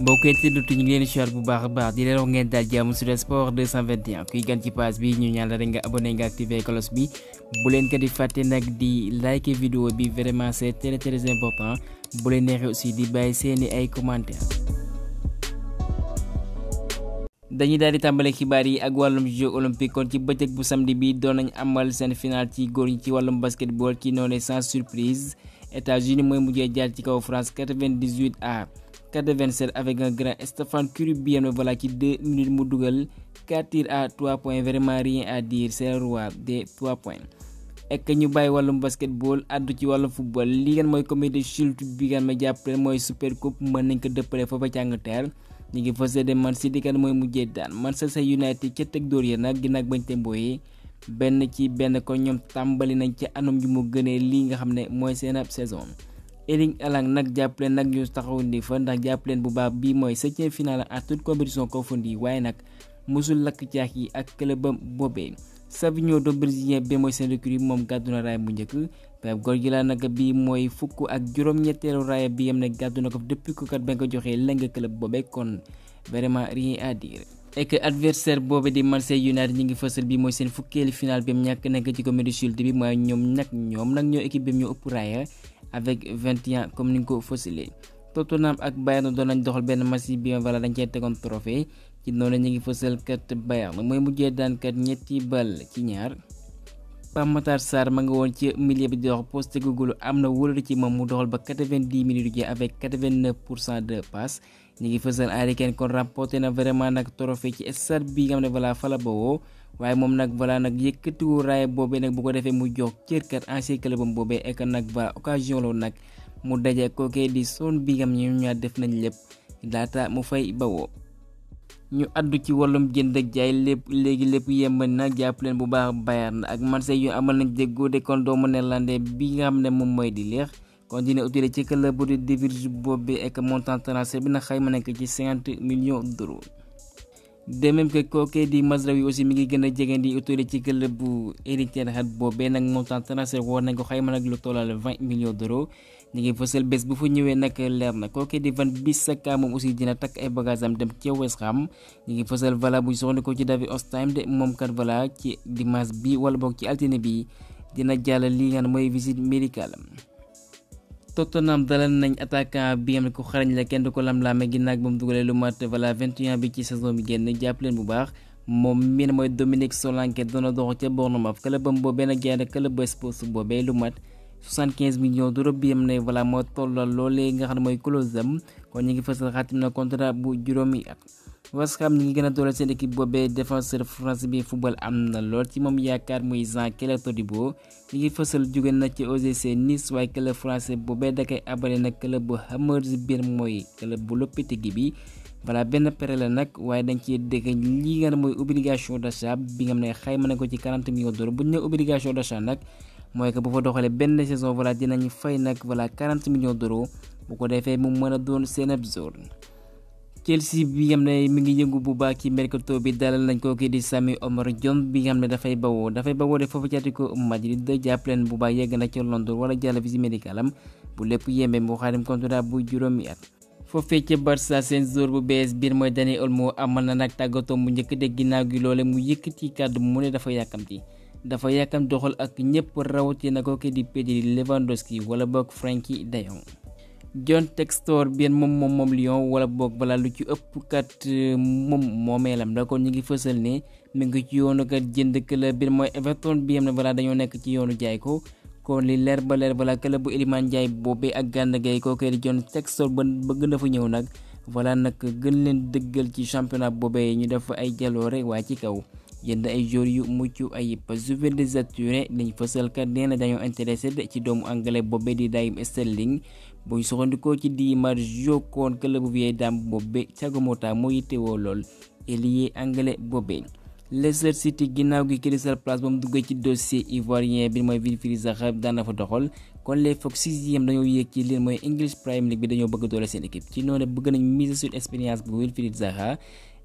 mbokk yi tëddatu ñu ngi leen siwaat bu baax a baax di leen wax ngeen daal jàmm Sud Sport 221 kuy gan ci page bi ñu ñaan la rek nga abonné nga activé bi bu leen ko di fàtte nag di like vidéo bi vraiment c'est très très important bu leen neexee aussi di bàyyi seeni ay commentaires dañuy daal di tàmbale xibaar yi ak wàllum jeux olympique kon ci bëccëg bu samedi bi doon nañ amal seen final ci góor ñi ci wàllum basketball ci noonu sans surprise États-Unis mooy mujjee jaar ci kaw France 98 à 4,27 avec un grand Stéphane Curie bien voilà ci 2 minutes mu dugal 4 tirs à 3 points vraiment rien à dire c'est le roi des 3 points. ek ñu bàyyi wàllum basketball àddu ci wàllum football lii ngeen mooy comité shield bi ngeen ma jàppale mooy super coupe mën nañ ko dëppale foofa ci Angleterre ñu ngi fas yéene man si dikan mooy mujjee daan Manchester United ca teg dóor ya nag nag bañ te mbooyee benn ci benn ko ñoom tàmbali nañ ci anam yu mu gënee lii nga xam ne mooy seen ab saison. Erling alang nag jàpp leen nag ñu taxawundi fa ndax jàpp leen bu baax final à toute compétition confondue waaye nag musul lakk caax yi ak clubam boobee Savinho do brésilien bi mooy seen recrue moom gàddu na raaya bu njëkk Pep Guardiola nag bii mooy fukk ak juróom bi yam na ko depuis que kat ko club boobee kon vraiment rien à dire. et que adversaire boobu di Marseille United ñi ngi fësal bi seen final bi mu ñàkk nekk ci comédie sud bi mooy ñoom nag ñoom nag ñoo équipe bi avec 21 comme ni Tottenham ak Bayern doon nañ doxal benn match bi wala dañ cee tegoon trophée ci noonu ñu ngi fësal kat Bayern mooy mujjee daan kat ñetti bal ci ñaar Pape Matar Sarr ma nga woon ci milieu bi dox poste gugulu am na ci moom mu doxal ba 90 minutes ji avec 89 de passe ñu ngi fësal Harry Kane kon remporté na vraiment nag trophée ci stade bi nga xam ne fala bawoo waaye moom nag Balla nag yëkkati raay boobee nag bu ko defee mu jox cër kat ancien clubam boobee ek nag Balla occasion loolu nag mu daje kookee di Son Birame ñoom ñaar def nañ lépp laata mu fay bawoo. ñu addu ci wàllum jënd ak jaay lépp léegi lépp yemb na jàpp leen bu baax Bayern ak Marseille yu amal nañ déggoo de kon doomu néerlandais bi nga xam ne moom mooy di leex kon dina utile ci club bu di De Vrij boobee ak montant transfert bi na xayma nekk ci 50 millions d'euros de même que di Mazraoui aussi mi ngi gën a jegandi autorité ci club bu héritier xat boobee nag montant transfert woon nañ ko xayma nag lu tollal 20 millions d'euros ñu ngi fësal bés bu di Van Bissaka moom aussi dina takk ay bagage dem ca West Ham ñu ngi fësal vala bu soxndiko ci David Ostheim de moom kat vala ci dimanche bi wala boog ci altine bi dina li nga mooy visite médicale Tottenham dalal nañ attaquant bi nga xam ko xarañ la kenn du ko lamlaame ginnaaw ba mu dugalee lu mat voilà bi ci saison bi génn jàpp bu baax moom mi ne mooy Dominique Solanke dana dox ca Bournemouth clubam boobee nag jaay na club sports boobee lu mat 75 millions d'euros bi am ne voilà moo tollal loolee nga xam mooy close am kon ngi fësal xaatim na bu juróomi at. West Ham ñi ngi gën a dooleel seen équipe boobee défenseur français football am na lool ci moom yaakaar muy Jean-Claude Todibo li ngi fësal jóge na ci OGC Nice waaye club français boobee da koy abale nag club bu Hammersbill mooy club bu Lopetegui bi voilà benn péré la nag waaye dañ ci dégg li nga ne mooy obligation d'achat bi nga xam ne xayma na ko ci 40 millions d'euros bu ñu nee obligation d'achat nag mooy que bu fa doxalee benn saison voilà dinañ fay nag voilà 40 bu ko defee mu mën a seen ab zone Chelsea bi nga xam ne mi ngi yëngu bu baax ci mercato bi dalal nañ ko kii di Sami Omar Diom bi nga xam ne dafay bawoo dafay bawoo de foofu caati ko Madrid jàppale leen bu baax yegg na ca Londres wala jàll visite médicalam bu lépp yembe mu xaatim contrat bu juróomi at. foofee ca Barça seen joueur bu bees biir mooy Dani Olmo amal na nag tàggatoo mu njëkk de ginnaaw gi loole mu yëkkati kàddu mu ne dafa yàkkamti dafa yàkkam doxal ak ñëpp rawatina ko kii di Pedri Lewandowski wala boog Frenkie de Jong John Textor bien moom moom moom Lyon wala boog balaa lu ci ëpp kat euh, moom moomeelam da kon ñu ngi fësal ne mi ngi ci yoonu kat jënd club bi mooy Everton bi xam ne balaa dañoo nekk ci yoonu jaay ko kon li leer ba leer balaa club bu Iliman Ndiaye boobee ak Gana Gueye kooku di John Textor ba bëgg na fa ñëw nag voilà nag gën leen dëggal ci championnat boobee ñu def ay jaloore waa ci kaw. jënd ay jour yu mucc ayib Juve de Saturé dañ fësal kat nee na dañoo intéressé ci doomu anglais boobee di Raheem Sterling. buñ soxandikoo ci di marge yokkoon bi bu vieille dame boobee Thiago Motta moo yittewoo lool ailier anglais boobee. Leicester City ginnaaw gi Crystal Palace ba mu duggee ci dossier ivoirien bi mooy Wilfried Zaha daan na fa doxal kon les Fox sixième dañoo yéeg ci leen mooy English Premier League bi dañoo bëgg doole seen équipe ci noonu bëgg nañ mise sur expérience bu Wilfried Zaha.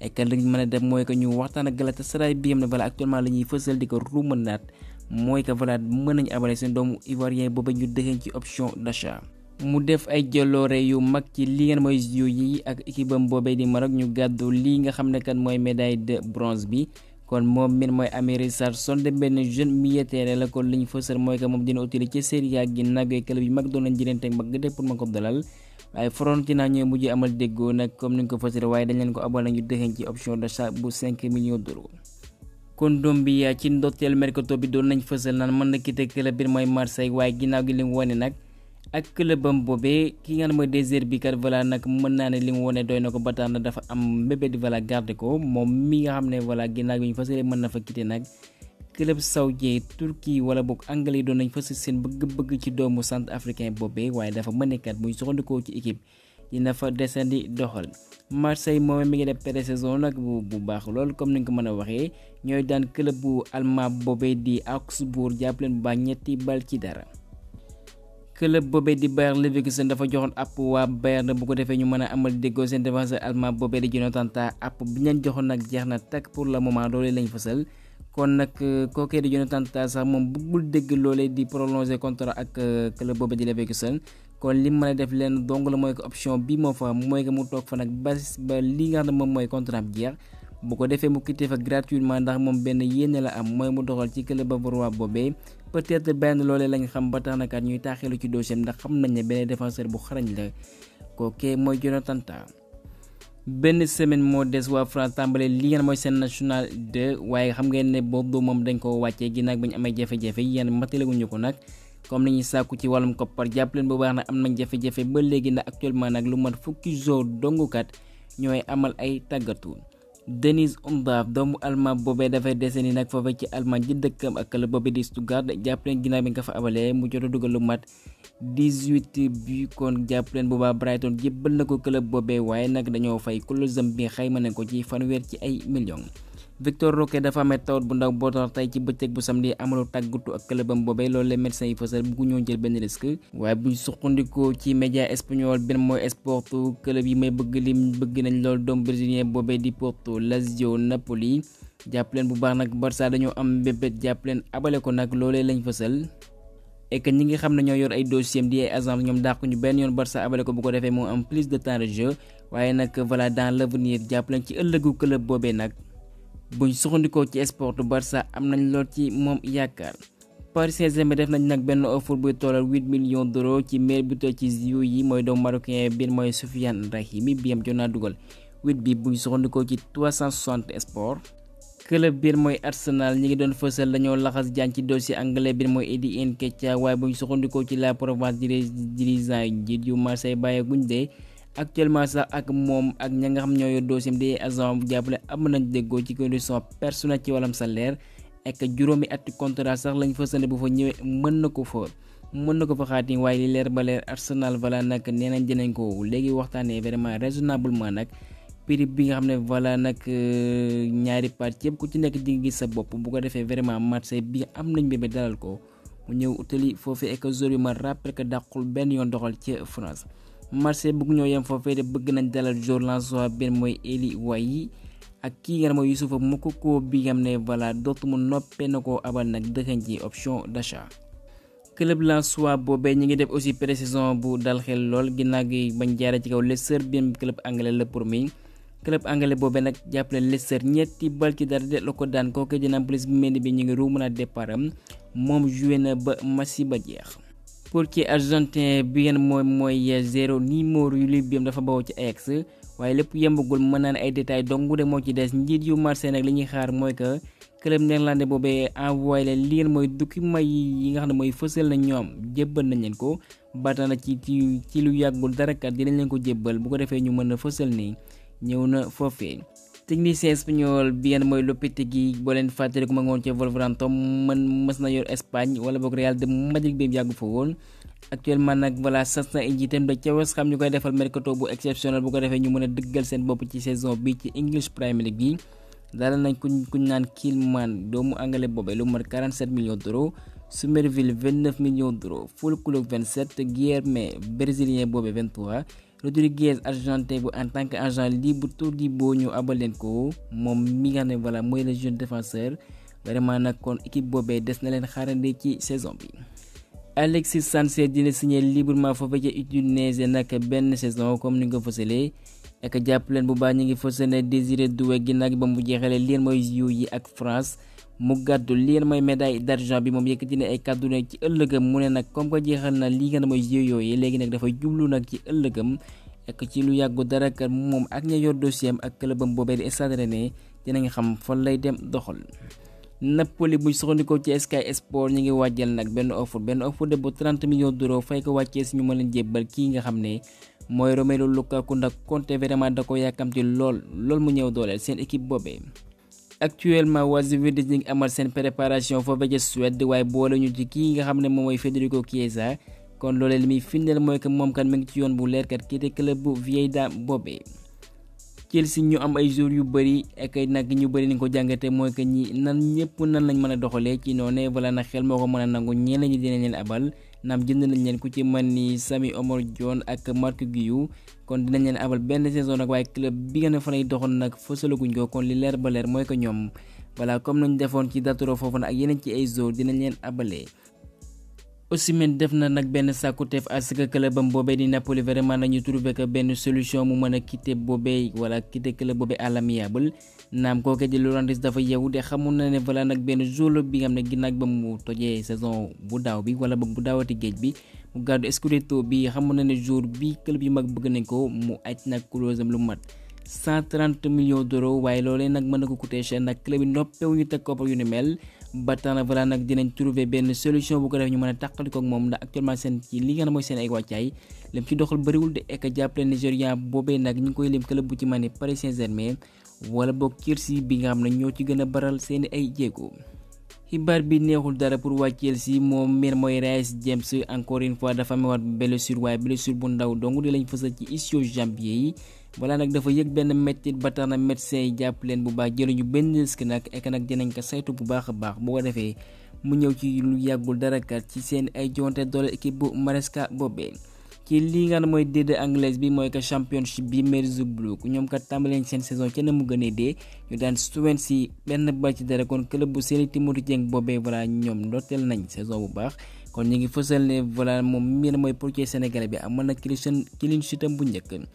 ay kan lañ a def mooy que ñu waxtaan a Galatasaray bi xam ne voilà actuellement la ñuy fësal di ko ruumanaat mooy que voilà mën nañu abale seen doomu ivoirien boobu ñu dëxëñ ci option d'achat. mu def ay jaloore yu mag ci li ngeen mooy jeux yi ak équipe am di Maroc ñu gàddu lii nga xam mooy médaille de bronze bi kon moom min mooy Amiri Sarson de benn jeune milieu la kon li ñu mooy que moom dina utile ci Serie A gi nagee club yi mag doon nañ jëlante mag gëdee pour ma ko dalal waaye Fiorentina ñooy mujj amal déggoo nag comme ni ko fësal waaye dañ leen ko abal ñu dëxëñ ci option d'achat bu 5 millions d'euros. Kondombia ak club am boobee ki nga xam ne mooy bi kat voilà nag mën naa ne li mu wone doy na ko ba dafa am um, mbébét voilà garde ko mi nga xam voilà ginnaaw bi ñu mën na fa quitté nag club saoudien Turki wala boog anglais doon nañ fas seen bëgg-bëgg ci doomu centre africain boobee waaye dafa mën kat bu ñu soxandikoo ci équipe dina fa desandi doxal Marseille moom mi ngi def pré-saison nag bu bu baax lool comme ni ko mën club bu allemand boobee di Augsbourg jàpp leen bu ñetti bal ci dara. club boobee di Bayer Leverkusen dafa joxoon app waa Bayern bu ko defee ñu mën a amal déggoo seen défenseur allemand boobee di Jonathan Tah bi ñu joxoon nag jeex na takk pour le moment loolee lañ fësal kon nag euh, kookee di Jonathan sax moom bëggul dégg loolee di prolonger contrat ak euh, club boobee di Leverkusen kon li mën a def leen dong la mooy ko option bi moo fa mooy que mu toog fa nag ba ba li nga xam ne moom mooy contrat bi jeex bu ko defee mu quitté fa gratuitement ndax moom benn yéene la am mooy mu doxal ci peut-être benn loolee lañ xam ba tax na kat ñuy taaxeelu ci dossier ndax xam nañ ne benn défenseur bu xarañ la kookee mooy Jonathan Tah benn semaine moo des waa France tàmbale li ngeen mooy seen national 2 waaye xam ngeen ne boobu moom dañ ko wàccee ginnaaw bi ñu amee jafe-jafe yéen matalewuñu ko nag comme ni ñuy sàkku ci wàllum koppar jàppaleen leen bu baax na am nañ jafe-jafe ba léegi na actuellement nag lu mat fukki jour dongukat ñooy amal ay tàggatu. Denis Undav doomu almaañ boobee dafay dese ni nag foofee ci almaañ ji dëkkam ak club boobee di Stuttgart jàpp leen ginnaaw bi nga fa abalee mu jot a dugal lu mat 18 bi kon jàpp leen boobaa Brighton jébbal na ko club boobee waaye nag dañoo fay kulosam bi xayma ne ko ci fanweer ci ay millions. Victor Roque dafa amee tawat bu ndaw boo tax tey ci bëccëg bu samedi amalu tàggatu ak këlëbam boobee loolu la médecin yi fësal bu ko ñoo jël benn risque waaye buñ suqandikoo ci média espagnol benn mooy sportu këlëb yi may bëgg lim bëgg nañ loolu doom brésilien boobee di Porto Lazio Napoli jàpp leen bu baax nag Barça dañoo am bébét jàpp leen abale ko nag loolee lañ fësal et ñi nga xam ne ñoo yor ay dossiers di ay agence ñoom dàqu ñu benn yoon Barça abale ko bu ko defee moo am plus de temps waaye nag voilà dans l' avenir jàpp leen ci ëllëgu club boobee nag. buñ suxandikoo ci sport Barça am nañ lool ci moom yaakaar Paris Saint-Germain def nañ nag benn offre buy tollal 8 millions d'euros ci mais buteur ci jiw yi mooy doomu marocain bi mooy Sofiane Rahimi bi am jot naa dugal 8 bi buñ suxandikoo ci 360 sport. club biir mooy Arsenal ñi ngi doon fësal dañoo laxas jaan ci dossier anglais biir mooy Eddie Nketiah waaye buñ suxandikoo ci la province dirigeant yi njiit yu Marseille bàyyeeguñ dee. actuellement sax ak moom ak ña nga xam ñoo yor dossier di agent bu jàppale am nañ déggoo ci condition personnelle ci sa salaire ak juróomi atti contrat sax lañ fa sënd bu fa ñëwee mën na ko fa mën na ko fa xaati waaye li leer ba leer Arsenal voilà nag nee nañ dinañ ko léegi waxtaanee vraiment raisonnablement nag prix bi nga xam ne voilà nag euh, ñaari parties yëpp ku ci nekk di gis sa bopp bu ko defee vraiment marché bi am nañ bébé dalal ko mu ñëw benn yoon doxal ci France. Marseille bëgg ñoo yem foofee de bëgg nañ dalal joueur Lensois benn mooy Eli Wayi ak kii nga xam ne mooy Youssoupha Moukoko bi nga xam ne voilà Dortmund noppee na ko abal nag dëxëñ ci option d'achat. club Lensois boobee ñu ngi def aussi pré-saison bu dal xel lool ginnaaw gi bañ jaaree ci kaw Leicester benn club anglais la pour mi club anglais boobee nag jàppale Leicester ñetti bal ci dara de la ko daan kooku dina police bu mel bi ñu ngi ruumanaa départ am moom joué na ba match ba jeex. pour ci argentin bi ngeen moom mooy zéro numéro yu li biam dafa bawoo ci Ajax waaye lépp yembagul mën naa ne ay détails dong de moo ci des njiit yu Marseille nag li ñuy xaar mooy que club néerlandais boobee envoyé leen li ngeen mooy may yi nga xam ne mooy fësal na ñoom jëbbal nañ leen ko bata na ci ci lu yàggul dara kat dinañ leen ko jébbal bu ko defee ñu mën a fësal ni ñëw na foofee technicien espagnol bi yan mooy Lopetegui boo leen fàttali ko ma ngoon ci Wolverhampton man mës na yor Espagne wala boog Real de Madrid bi yàggu fa woon actuellement nag voilà sas na ay jiitam da ca West Ham ñu koy defal mercato bu exceptionnel bu ko defee ñu mën a dëggal seen bopp ci saison bi ci English Premier League bi daal nañ kuñ kuñ naan Kilman doomu angale boobee lu mat 47 millions d'euros Somerville 29 millions d'euros Full Club 27 Guilherme Rodriguez argenté bu en tant que libre tour ñëw abal leen ko mi voilà moi le jeune défenseur vraiment nag équipe Bobé, des na leen xaarandi ci saison bi. Alexis Sanchez dina signé librement foofu ca Udinese nak ben saison comme ni nga ko ak japp len bu ba ñi ngi fësal ne Désiré Doué gi nag ba mu jeexalee lien moy jiw yi ak France. mu gàddu li ngeen mooy médaille d'argent bi moom yëkkati dina ay kàddu nag ci ëllëgam mu ne nag comme que jeexal na lii ngeen mooy jeux yooyu léegi nag dafa jublu nag ci ëllëgam ak ci lu yàggu dara kat moom ak ña yor dossier am ak clubam boobe di Stade Rennais dina nga xam fan lay dem doxal. Napoli bu soxandikoo ci Sky Sport ñu ngi wàjjal nag benn offre benn offre de bu 30 millions d'euros fay ko wàccee si ñu mën leen jébbal kii nga xam ne mooy Romelu Lukaku ndax Conte vraiment da ko yàkkamti lool lool mu ñëw dooleel seen équipe boobee. actuellement waa Juventus ñu amal seen préparation foofu ca Suède waaye boole ñu ci kii nga xam ne moom mooy Federico Chiesa kon loolee li muy firndeel mooy que moom kat mi ngi ci yoon bu leer kat kii te club bu vieille dame boobee. Chelsea ñu am ay joueurs yu bëri ak nag ñu bëri ni ko jàngatee mooy que ñi nan ñëpp nan lañ mën a doxalee ci noonu ne wala na xel moo ko mën a nangu ñeneen ñi dinañ leen abal. naam jënd nañ leen ku ci man ni Sami Omar Dione ak Marc Guiu kon dinañ leen abal benn saison nag waaye club bi nga ne fa lay doxoon nag fësalaguñ ko kon li leer ba leer mooy ko ñoom voilà comme nañu defoon ci Datoro foofu nag ak yeneen ci ay zone dinañ leen abale Osimhen def na nag benn sàkkuteef à ce que club am boobee di Napoli vraiment nañu trouvé que benn solution mu mën a quitter boobee wala quitter club boobee à l'amiable naam kooke di Lorenz dafa yeewu de xamoon na ne voilà nag benn jour bi nga xam ne ginnaaw ba mu tojee saison bu daaw bi wala ba bu daawati géej bi mu gàddu scudetto bi xamoon na ne jour bi club yi mag bëgg nañ ko mu aj nag clause am lu mat 130 millions d'euros waaye loolee nag mën na ko coûter cher nag club yi noppewuñu teg koppar yu ni mel. ba tax na voilà nag dinañ benn solution bu ko def ñu mën a tàqali koog moom ndax actuellement seen ci li nga xam mooy seen ay wàccaay lim ci doxal bëriwul de ek jàppale Nigéria boobee nag ñu koy lim club bu ci mel ni Paris Saint-Germain wala boog Chelsea bi nga xam ne ñoo ci gën a baral seen ay jéego. xibaar bi neexul dara pour wàcceel si moom miin mooy Reece James encore une fois dafa amewaat blessure waaye blessure bu ndaw dong di lañ fësal yi. wala nag dafa yëg benn méttit ba tax na médecin yi jàpp leen bu baax ñu benn risque nag ek nag dinañ ko saytu bu baax a baax boo ko defee mu ñëw ci lu yàggul dara kat ci seen ay jonte doole équipe bu Maresca boobee. ci lii nga mooy déedéet anglaise bi mooy que championship bi Merzouglou ñoom kat tàmbali seen saison ca na mu gën a dee ñu daan Swansea si benn bal ci dara kon club bu Serigne Timothy Dieng boobee voilà ñoom ndoorteel nañ saison bu baax kon ñu ngi fësal ne voilà moom mbir mooy portier sénégalais bi amoon na clean sheet am bu njëkk.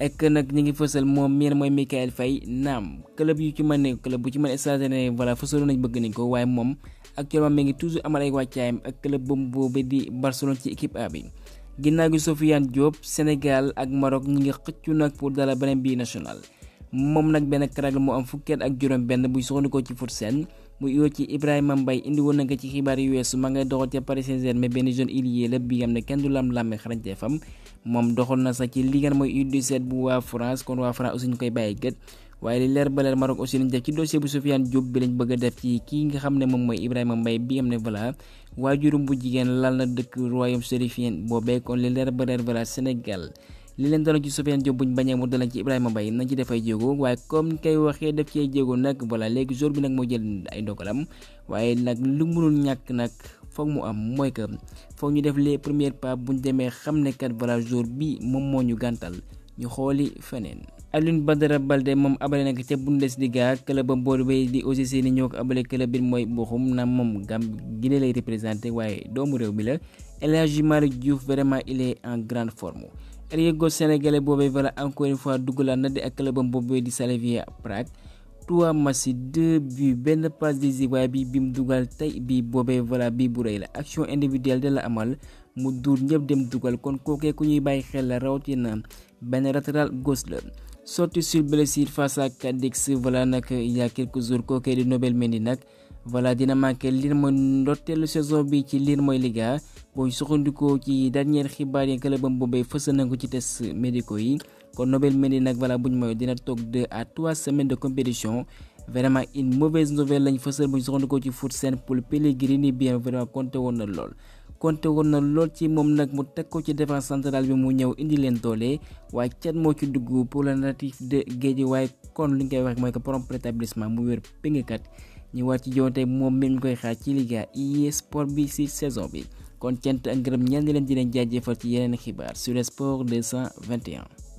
ek nag ñi ngi fësal moom miin mooy Michael Faye naam club yu ci mën ne club bu ci mën stationné voilà fësaloon nañ bëgg nañ ko waaye moom actuellement mi ngi toujours amal ay wàccaayam ak club boobu di Barcelone ci équipe A bi. ginnaaw gi Sofiane Diop ak Maroc ñi ngi xëccu nag pour dala beneen bii national moom nag benn crack moo am fukkeet ak juróom-benn buy soxandikoo ci Footsen mu yoo ci Ibrahima Mbaye indi woon na ko ci xibaar yu weesu ma ngay doxal ca Paris Saint-Germain benn jeune ailier la bi nga xam ne kenn du lam-lamme xarañteefam moom doxal na sax ci li ngeen mooy U17 bu waa France kon waa France aussi ñu koy bàyyi gët waaye li leer ba leer Maroc aussi lañ def ci dossier bu Sofiane Diop bi bëgg a def ci kii nga xam ne moom mooy Ibrahima Mbaye bi am ne voilà waajurum bu jigéen lal na dëkk royaume chérifien boobee kon li leer ba leer voilà Sénégal li leen daloon ci Sofiane Diop buñ bañee mu daloon ci Ibrahima Mbaye nañ ci defay ay jéego waaye comme kay waxee def ci ay jéego nag voilà léegi jour bi nag moo jël ay ndogalam waaye nag lu mënul ñàkk nag foog mu am mooy que foog ñu def les premiers pas bu ñu demee xam ne kat voilà jour bi moom moo ñu gàntal ñu xooli feneen. Alioune Badara Balde moom abale nag ca Bundesliga club boobu bay di OGC ni ñoo ko abale club bi mooy Bochum na moom Gambie Guinée lay représenté waaye doomu réew bi la El Hadji Malick Diouf vraiment il est en grande forme. Ailier gauche sénégalais boobee voilà encore une fois dugalaat na di ak club boobu di Slavia Prague. 3 matchs 2 benn passe décisive bi bi mu dugal tey bii boobee voilà bii bu rëy la action individuelle de la amal mu duur ñëpp dem dugal kon kookee ku ñuy bàyyi xel la rawatina benn latéral gauche la. sorti sur blessure face à Cadix voilà nag il y a quelques jours kookee di Nobel Mendy nag voilà dina manqué lii mooy ndorteelu saison bi ci liir mooy Liga boo soxandikoo ci dernier xibaar yi club am boobee na ko ci tes médicaux yi. kon Nobel Mendy nag voilà buñ mooy dina toog deux à trois semaines de compétition vraiment une mauvaise nouvelle lañ fësal buñ soxandikoo ci foot seen pour Pellegrini bien vraiment compté woon na lool compté woon na lool ci moom nag mu teg ko ci défense centrale bi mu ñëw indi leen doole waaye cat moo ci dugg pour le natif de Guédiawaye kon li ñu wax mooy que prompt rétablissement mu wér péngkat ñu war ci jonte moom même ñu koy xaar ci Liga i sport bi ci saison bi kon cant ak ngërëm ñaan di leen di leen jaajëfal ci yeneen xibaar sur le sport 221